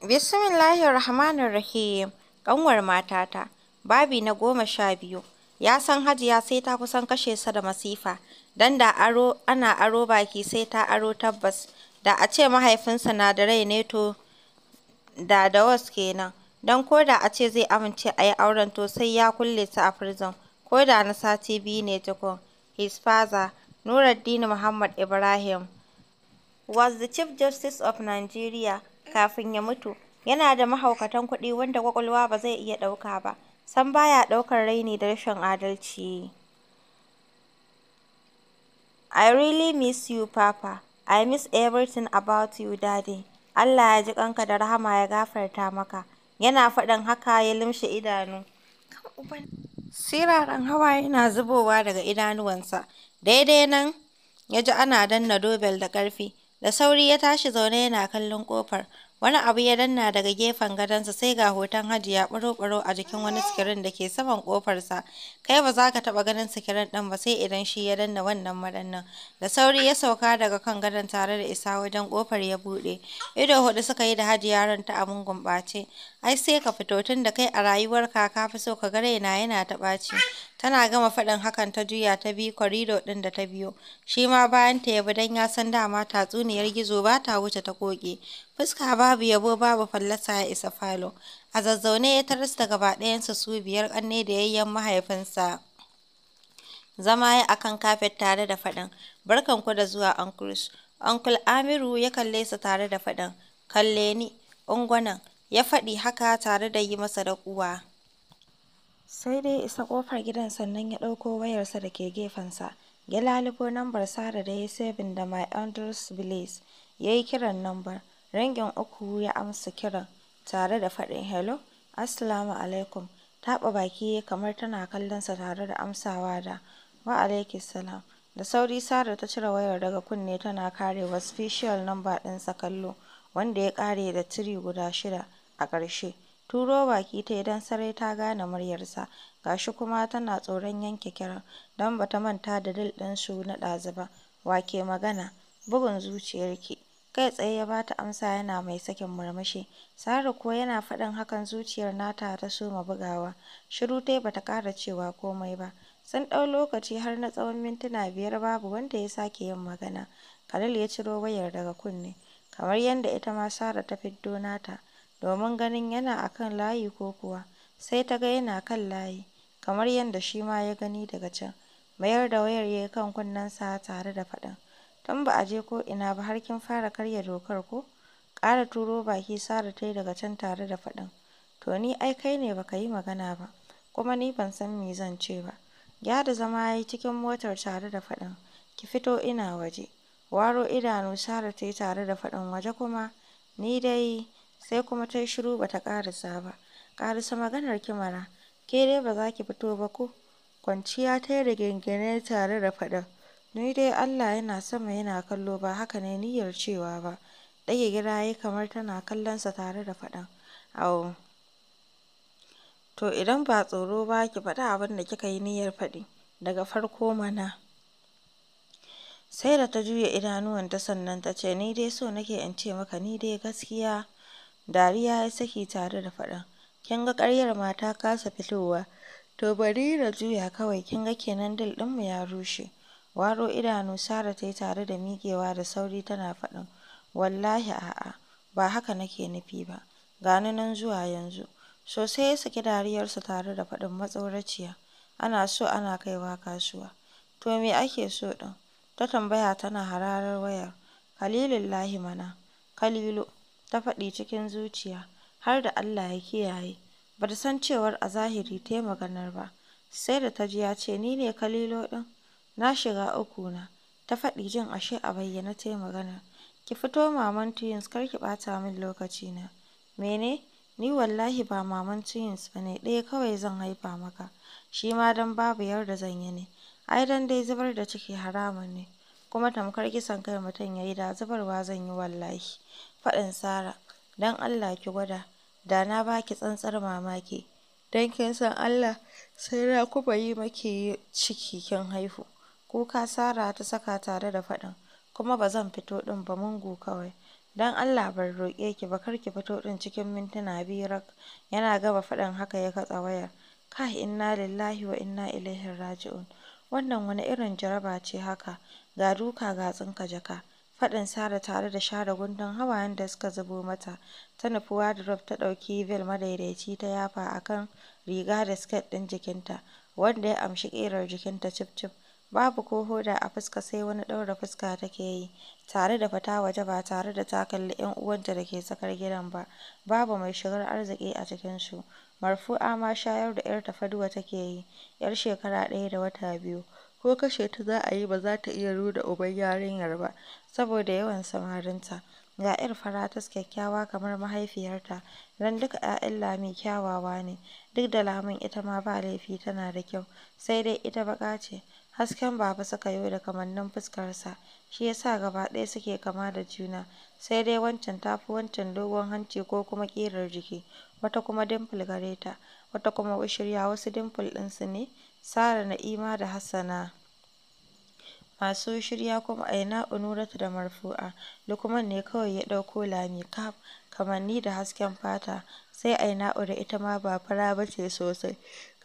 Bismillahir Rahmanir Rahim. Ƙanwar matata, babi na goma sha biyu. Ya san Hajiya sai ta kusan kashe sa da masifa, dan da aro ana aro baki sai ta aro tabbas. Da a ce mahaifinsa na da rai ne to da da was kenan. Don ko da a ce zai amince a yi auren to sai ya kulle su a prison, ko da na sati biyu ne tukun. His father, Nuruddin Muhammad Ibrahim, was the Chief Justice of Nigeria. kafin ya mutu yana da mahaukatan kuɗi wanda ƙwaƙwalwa ba zai iya ɗauka ba san baya ɗaukar raini da rashin adalci I really miss you papa I miss everything about you daddy Allah ya ji ƙanka da rahama ya gafarta maka yana faɗin haka ya limshe idanu siraran hawaye na zubowa daga idanuwansa daidai nan ya ji ana danna dobel da ƙarfi Da sauri ya tashi zaune yana kallon ƙofar. wani abu ya danna daga gefen gadonsa sai ga hoton hajiya ɓaro-ɓaro a jikin wani sikirin da ke saman ƙofarsa kai ba za ka taɓa ganin sikirin ɗin ba sai idan shi ya danna wannan madannin da sauri ya sauka daga kan gadon tare da isa wajen ƙofar ya buɗe ido hudu suka yi da hajiya ran ta abin gumɓace ai sai ka fito tun da kai a rayuwar ka fi so ka ga raina yana ta ɓaci tana gama faɗin hakan ta juya ta bi kwarido ɗin da ta biyo shi ma bayan ta yabi don ya san dama tatsuniyar gizo ba ta wuce ta koke fuska babu yabo babu fallasa ya isa falo a zazzaune ya taras da gaba ɗayansa su biyar ƙanne da yayyen mahaifinsa zama ya akan kafet tare da faɗin barkanku da zuwa uncle uncle amiru ya kalle su tare da faɗin kalle ni ungwanan ya faɗi haka tare da yi masa da kuwa sai dai isa ƙofar gidan sannan ya ɗauko wayarsa da ke gefensa ya lalubo nambar sara da ya sebin da my andrews blaze ya yi kiran nambar Rangin uku ya amsa kiran tare da faɗin “Hello, Assalamu alaikum,” taɓa baki kamar tana kallonsa tare da amsawa da “Wa alaiki salam,” da sauri Sarah ta cire wayar daga kunne tana kare wa special number ɗinsa kallo wanda ya ƙare da tiri guda shida a ƙarshe. Turo baki ta yi don sarai ta gane muryarsa, gashi kuma tana tsoron yanke kiran don bata manta da dil su na ɗazu ba. Wa ke magana? Bugun zuciyarki. kai tsaye ya bata amsa yana mai sakin murmushi, Sarah kuwa yana faɗin hakan zuciyar nata ta soma bugawa, shiru tai bata ƙara cewa komai ba, sun ɗau lokaci har na tsawon mintuna biyar babu wanda ya sake yin magana, Khalil ya ciro wayar daga kunne, kamar yadda ita ma Sarah ta fiddo nata, domin ganin yana akan layi ko kuwa, sai ta ga yana kan layi, kamar yadda shi ma ya gani daga can, mayar da wayar yayi kan kunnensa tare da faɗin. kan ba a je ko ina ba har kin fara karya dokar ko?" ƙara turo baki sara ta yi daga can tare da faɗin, "To ni ai kai ne baka yi magana ba, kuma ni ban san me zan ce ba." da zama ya yi cikin motar tare da faɗin, "Ki fito ina waje." Waro idanu sara ta tare da faɗin, "Waje kuma? Ni dai" sai kuma ta shiru bata karisa ba. karisa maganar ki mana, ke dai ba za ki fito ba ko?" Kwanciya ta yi gengene tare da faɗin. Ni dai Allah yana sama yana kallo ba haka ne niyyar cewa ba, ɗage gira ya kamar tana kallonsa tare da faɗan “Awo, to idan ba tsoro ba ki faɗi abin da kika yi niyyar faɗi daga farko mana.” Sai da ta juya idanuwanta sannan ta ce, “Ni dai so nake in ce maka ni dai gaskiya.” Dariya ya saki tare da faɗan. “Kin ga karyar mata kasa fitowa, to bari na juya kawai kin ga kenan dil ɗinmu ya rushe.” Waro idanu sara ta yi tare da miƙewa da sauri tana faɗin, "Wallahi a'a, ba haka nake nufi ba, gani nan zuwa yanzu." Sosai ya saki dariyarsa tare da faɗin matsauraciya "Ana so ana kaiwa kasuwa." "To me ake so ɗin?" ta tambaya tana hararar wayar. "Kalilullahi mana, Kalilu," ta faɗi cikin zuciya, har da Allah ya kiyaye. Ba ta san cewar a zahiri ta yi maganar ba, sai da ta ji ya ce, "Ni ne Kalilo ɗin." Na shiga uku na, ta faɗi jin ashe a bayyane yi magana. ki fito maman twins kar ki bata min lokaci na. Mene? Ni wallahi ba maman twins ba ne. ɗaya kawai zan haifa maka, shi ma don babu yarda zan yi ne. Ai dan dai zubar da ciki haramun ne, kuma tamkar kisan kai mutum ya yi da zubarwa zan yi wallahi. Faɗin Sarah, don Allah ki gwada, da na ba ki tsantsar mamaki, don kin san Allah sai na kuma yi maki ciki kin haihu. Kuka Sara ta saka tare da faɗin, "Kuma ba zan fito ɗin ba Mungu kawai, don Allah bar roƙe ki ba kar ki fito ɗin cikin mintuna biyu rak." Yana gaba faɗin haka ya katsa wayar. Kai inna lillahi wa inna ilaihi raji'un. Wannan wani irin jaraba ce haka? Ga duka ga tsinka jaka. Faɗin sara tare da share gundun hawayen da suka zubo mata. Ta nufi wardrobe ta ɗauki vel madaidaici ta yafa a kan riga da siket ɗin jikinta, wanda ya amshi ƙerar jikinta cif-cif. Babu ko hoda a fuska sai wani ɗaura fuska take yi, tare da fita waje ba tare da ta kalli 'yan uwanta da ke tsakar gidan ba, babu mai shigar arziki a cikin su Marfua ma shayar da 'yarta Faduwa take yi, 'yar shekara ɗaya da wata biyu, ko kashe ta za a yi ba za ta iya nuna uban yarinyar ba, saboda yawan samarinta. Ga 'yar fara ta kyakkyawa kamar mahaifiyarta, don duka 'ya'yan Lami kyawawa ne, duk da Lamin ita ma ba laifi tana da kyau, sai dai ita baƙa ce. Hasken Baba suka yi da kamannin fuskarsa, shi ya sa gaba ɗaya suke kama da juna, sai dai wancan tafi wancan dogon hanci ko kuma ƙirar jiki, wata kuma dimple gare ta, wata kuma ushirya wasu dimple ɗinsu ne Sara Na'ima da Hassana. masu shirya kuma aina unurata da Marfu'a, Lukman ne kawai ya ɗauko Lami kaf kamanni da hasken fata, sai aina ure ita ma ba fara ba ce sosai,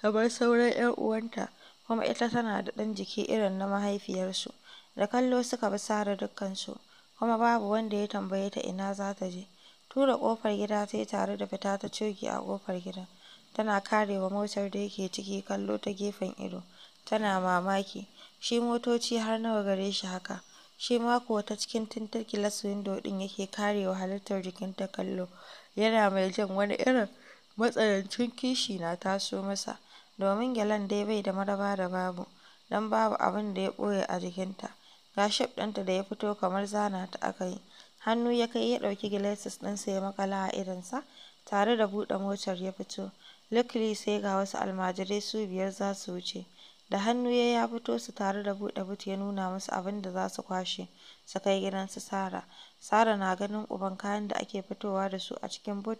kamar sauran 'yan uwanta. kuma ita tana da ɗan jiki irin na mahaifiyarsu. Da kallo suka bi sare dukkansu, kuma babu wanda ya tambaye ta ina za ta je. Tura ƙofar gida sai tare da fita ta coge a ƙofar gida. tana karewa motar da yake ciki kallo ta gefen ido, tana mamaki, shi motoci har nawa gare shi haka, shi ma kuwa ta cikin tintar gilas windo din yake karewa halittar jikin ta kallo, yana mai jan wani irin matsanancin kishi na taso masa. domin gyalen dai bai da maraba da babu, don babu abin da ya ɓoye a jikinta, ga shef ɗinta da ya fito kamar zana ta aka yi, hannu ya kai ya ɗauki gilasis ɗinsa ya makala a idonsa, tare da buɗe motar ya fito, luckily sai ga wasu almajirai su biyar za su wuce, da hannu ya ya fito su tare da buɗe but ya nuna musu abin da za su kwashe su kai gidan su Sara, Sara na ganin uban kayan da ake fitowa da su a cikin but,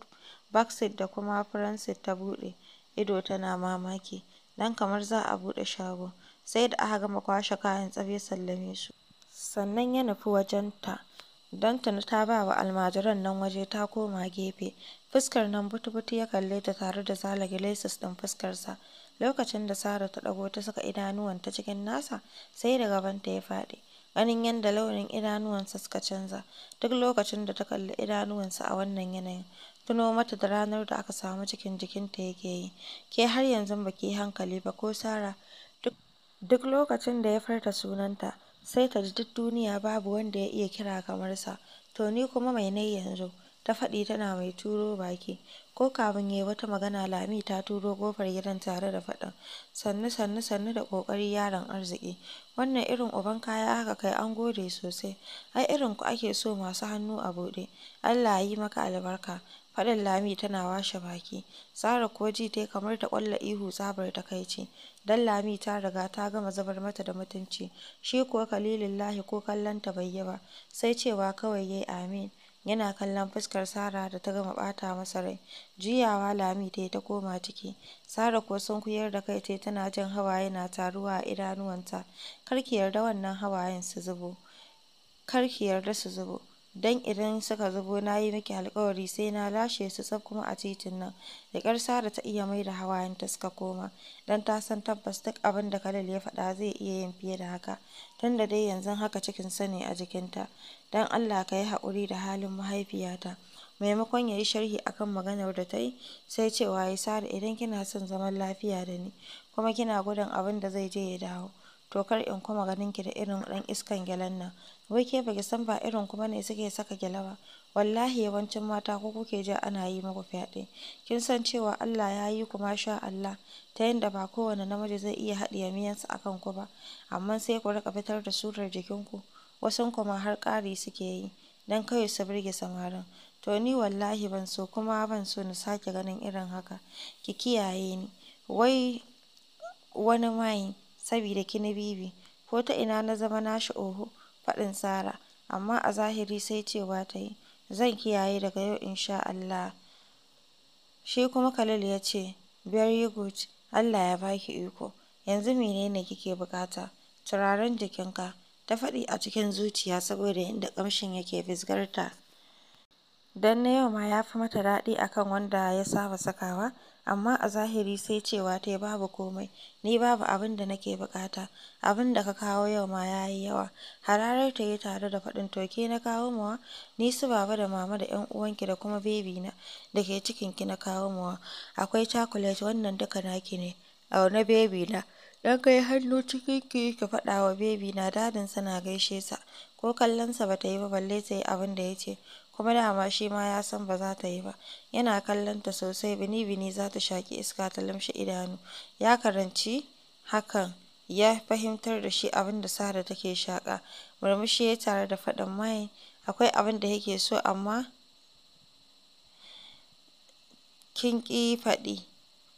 backseat da kuma frontseat ta buɗe. ido tana mamaki, don kamar za a buɗe shago, sai da aka gama kwashe kayan tsabe sallame su. Sannan ya nufi wajen ta don tana ta ba wa almajiran nan waje ta koma gefe, fuskar nan butubutu ya kalle ta tare da zare gilasis ɗin fuskarsa. Lokacin da Sarah ta ɗago ta saka idanuwanta cikin nasa, sai da gabanta ya faɗi. ganin yadda launin idanuwansa suka canza. Duk lokacin da ta kalli idanuwansa a wannan yanayin, tuno mata da ranar da aka samu cikin jikinta yake yi. Ke har yanzu ba ke hankali ba ko sara Duk lokacin da ya farta sunanta, sai ta ji duk duniya babu wanda ya iya kira kamar sa. To ni kuma mai nai yanzu? ta faɗi tana mai turo baki. Ko kafin ya yi wata magana Lami ta turo ƙofar gidan tare da faɗin sannu sannu sannu da ƙoƙari yaron arziki. Wannan irin uban kaya haka kai an gode sosai. Ai irin ku ake so masu hannu a buɗe. Allah yi maka albarka. Faɗin Lami tana washe baki. tsara ko ji kamar ta ƙwalla ihu tsabar takaici. Dan Lami ta riga ta gama zubar mata da mutunci. Shi kuwa Kalilullahi ko kallon ta bai yi ba. Sai cewa kawai yayi amin. yana kallon fuskar Sarah da ta gama ɓata masa rai. Juyawa Lami ta ta koma ciki, Sarah kuwa kuyar da kai tai tana jin hawaye na taruwa a idanuwanta. Kar ki yarda wannan hawayen su zubo, kar yarda su zubo. don idan suka zubo na yi miki alkawari sai na lashe su tsaf kuma a titin nan da ƙyar Sara ta iya mai da hawayenta suka koma don ta san tabbas duk abin da kalil ya faɗa zai iya yin fiye da haka tun da dai yanzu haka cikin sani a jikinta don Allah ka yi haƙuri da halin mahaifiyata maimakon ya yi sharhi akan maganar da ta yi sai cewa ya Sara idan kina son zaman lafiya da ni kuma kina gudun abin da zai je ya dawo to kar in kuma ganin ki da irin ɗan iskan gyalen nan. Wai ke baki san ba irin kuma ne suke saka gyale ba. Wallahi yawancin mata ko kuke ji ana yi muku fyaɗe. Kin san cewa Allah ya yi kuma sha Allah ta yadda ba kowane namiji zai iya haɗiye miyansa akan ku ba. Amma sai ku riƙa fitar da surar jikinku. wasu kuma har ƙari suke yi dan kawai su birge samarin. To ni wallahi ban so kuma ban so na sake ganin irin haka. Ki kiyaye ni. Wai wani mai. sabida bibi ko ta ina na zama nashi oho, faɗin tsara amma a zahiri sai cewa ta yi, zan kiyaye daga yau insha Allah. Shi kuma Khalil ya ce, very good, Allah ya baki iko, yanzu menene kike bukata Turaren jikinka, ta faɗi a cikin zuciya saboda yadda kamshin yake fisgarta Dan na yau ma ya fi mata daɗi a kan wanda ya saba sakawa, amma a zahiri sai cewa ta yi babu komai, ni babu abin da nake buƙata, abin da ka kawo yau ma ya yi yawa. Hararar ta yi tare da faɗin toke na kawo mawa, ni su baba da mama da 'yan uwanki da kuma bebi na da ke cikinki na kawo mawa, akwai cakulet wannan duka naki ne, a na bebi na. don kai hannu cikin ki ka faɗa wa baby na sa na gaishe sa, ko kallonsa ba ta yi ba balle sai abin da ya ce, kuma dama shi ma ya san ba za ta yi ba. Yana kallon ta sosai bini-bini za ta shaƙi iska ta lamshe idanu. Ya karanci hakan ya fahimtar da shi abin da Sara take shaka Murmushi ya tare da faɗin mai akwai abin da yake so amma kin ki faɗi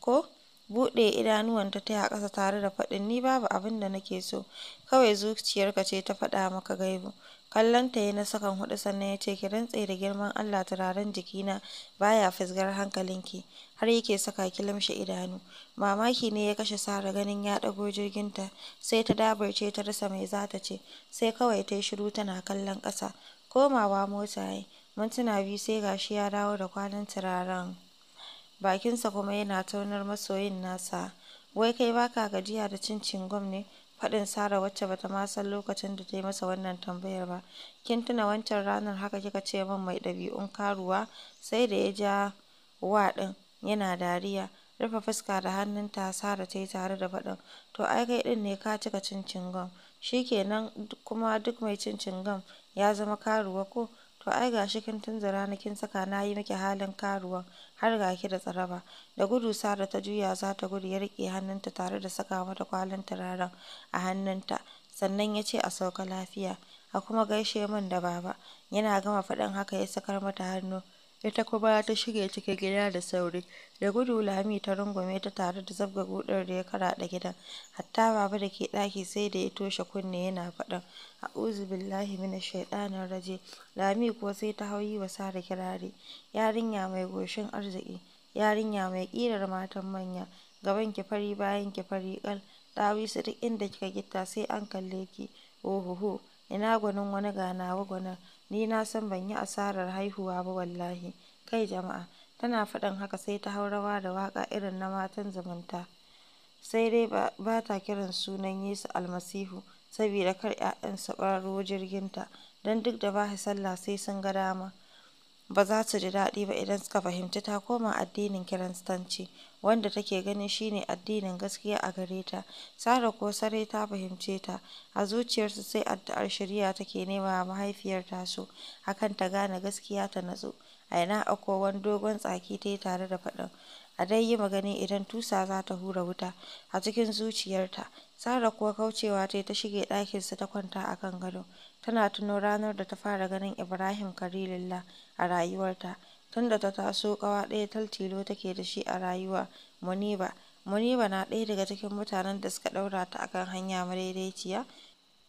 ko? Buɗe idanuwanta ta yi a ƙasa tare da faɗin, "Ni babu abin da nake so, kawai zuciyarka ce ta faɗa maka gaibu." kallon ta yi na sakan huɗu sannan ya ce, "Ki rantse da girman Allah turaren jikina ba ya fisgar hankalinki, har yake saka ki lamshe idanu." Mamaki ne ya kashe sara ganin ya ɗago ta sai ta dabarce ta rasa mai za ta ce, sai kawai ta yi shiru tana kallon ƙasa. Komawa mota ya yi, mintuna biyu sai gashi ya dawo da kwanan turaren. bakinsa kuma yana taunar masoyin nasa. Wai kai baka gajiya da cin cingam ne? Faɗin sara wacce ba ta ma san lokacin da ta yi masa wannan tambayar ba. Kin tuna wancan ranar haka kika ce min mai ɗabi'un karuwa? Sai da ya ja wa ɗin yana dariya. Rufe fuska da hannunta sara ta yi tare da faɗin. To ai kai ɗin ne ka cika cin cingam. Shi kenan kuma duk mai cin cingam ya zama karuwa ko? To ai ga shi kin tunzura ni kin saka na yi miki halin karuwan har ga ki da tsaraba. Da gudu Sara ta juya za ta gudu ya rike hannunta tare da saka mata kwalin turaren a hannunta sannan ya ce a sauka lafiya a kuma gaishe min da baba. Yana gama faɗin haka ya sakar mata hannu. ita kuma ta shige cikin gida da sauri. Da gudu Lami ta rungume ta tare da zabga gudun da ya karaɗa gidan. Hatta babu da ke ɗaki sai da ya toshe kunne yana faɗan uzu billahi mina shaitanir raje Lami kuwa sai ta hau yi wa Sara kirari. Yarinya mai goshin arziki, yarinya mai ƙirar matan manya, gaban ki fari bayan ki fari kal. Dawisu duk inda kika gitta sai an kalle ki. Ohoho, ina gwanin wani ganawa gwanin. Ni na san ban yi asarar haihuwa ba wallahi, kai jama'a, tana faɗin haka sai ta hau rawa da waƙa irin na matan zumunta, sai dai ba ta kiran sunan Yesu Almasihu saboda kar ‘ya'yan su jirgin jirginta, don duk da ba sallah sai sun ga dama. ba za su ji daɗi ba idan suka fahimci ta koma addinin Kiristanci, wanda take ganin shine addinin gaskiya a gare ta. sara ko sarai ta fahimce ta, a zuciyarsu sai addu'ar shiriya take nema wa mahaifiyar tasu, akan ta gane gaskiya ta natsu. a akwai wani dogon tsaki ta yi tare da faɗin a dai yi magani idan tusa za ta hura wuta a cikin zuciyarta. Sarah kuwa kaucewa ta ta shige ɗakinsa ta kwanta a kan gado, tana tuno ranar da ta fara ganin Ibrahim karilillah a rayuwarta. tunda ta taso kawa ɗaya tal tilo take da shi a rayuwa, Muniba. Muniba na ɗaya daga cikin mutanen da suka ɗaura ta akan hanya madaidaiciya.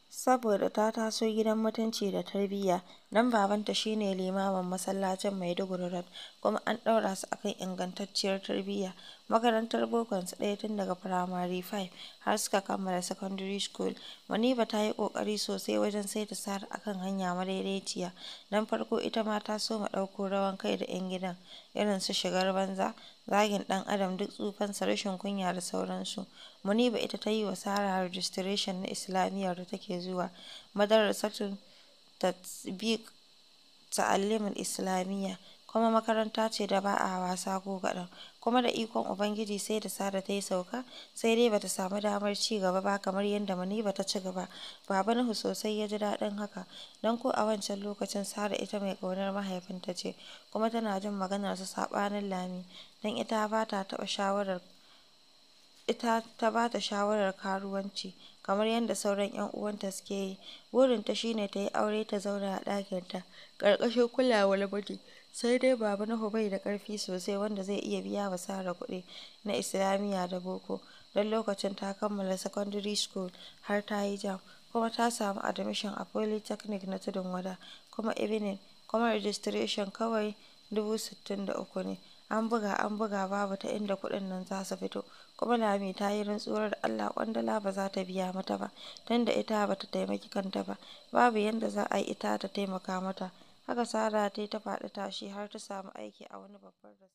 Saboda ta taso gidan mutunci da tarbiyya, nan babanta shine limaman limamin masallacin Maiduguri Road kuma an ɗaura su akan ingantacciyar tarbiyya, makarantar su ɗaya tun daga firamare 5 har suka kammala secondary school. Muniba ta yi ƙoƙari sosai wajen saita ta sa akan hanya madaidaiciya, don farko ita ma ta ma ɗauko rawan kai da 'yan gidan, irin su shigar banza. zagin ɗan adam duk tsufansa, rashin kunya da sauransu. Muniba ita ta yi wa Sarah Registration na Islamiyyar da take zuwa, Madrasatut ta Ta'allim islamiyya kuma makaranta ce da ba a wasa ko kaɗan. kuma da ikon Ubangiji sai da Sara ta yi sauka, sai dai bata samu damar ci gaba ba kamar yadda mani ta ci gaba. Baba Nuhu sosai ya ji daɗin haka, don ko a wancan lokacin Sara ita mai ƙaunar mahaifinta ce, kuma tana jin maganar su saɓanin Lami, don ita ba ta taɓa shawarar ita ta ba ta shawarar karuwanci kamar yadda sauran 'yan uwanta suke yi burinta shine ta yi aure ta zauna a ɗakinta ƙarƙashin kulawar mutum sai dai Baba Nuhu bai da ƙarfi sosai wanda zai iya biya wa Sara kuɗi na Islamiyya da boko, don lokacin ta kammala Secondary School har ta yi jam kuma ta samu admission a Polytechnic na Tudun Wada, kuma Evening, kuma registration kawai dubu ne. An buga an buga babu ta inda kuɗin nan za su fito, kuma Lami ta yi rantsuwar da Allah kwandala ba za ta biya mata ba, tunda ita ba ta taimaki kanta ba, babu yadda za a yi ita ta taimaka mata. Haka Sarah ta yi ta faɗi-tashi har ta samu aiki a wani babban restaurant.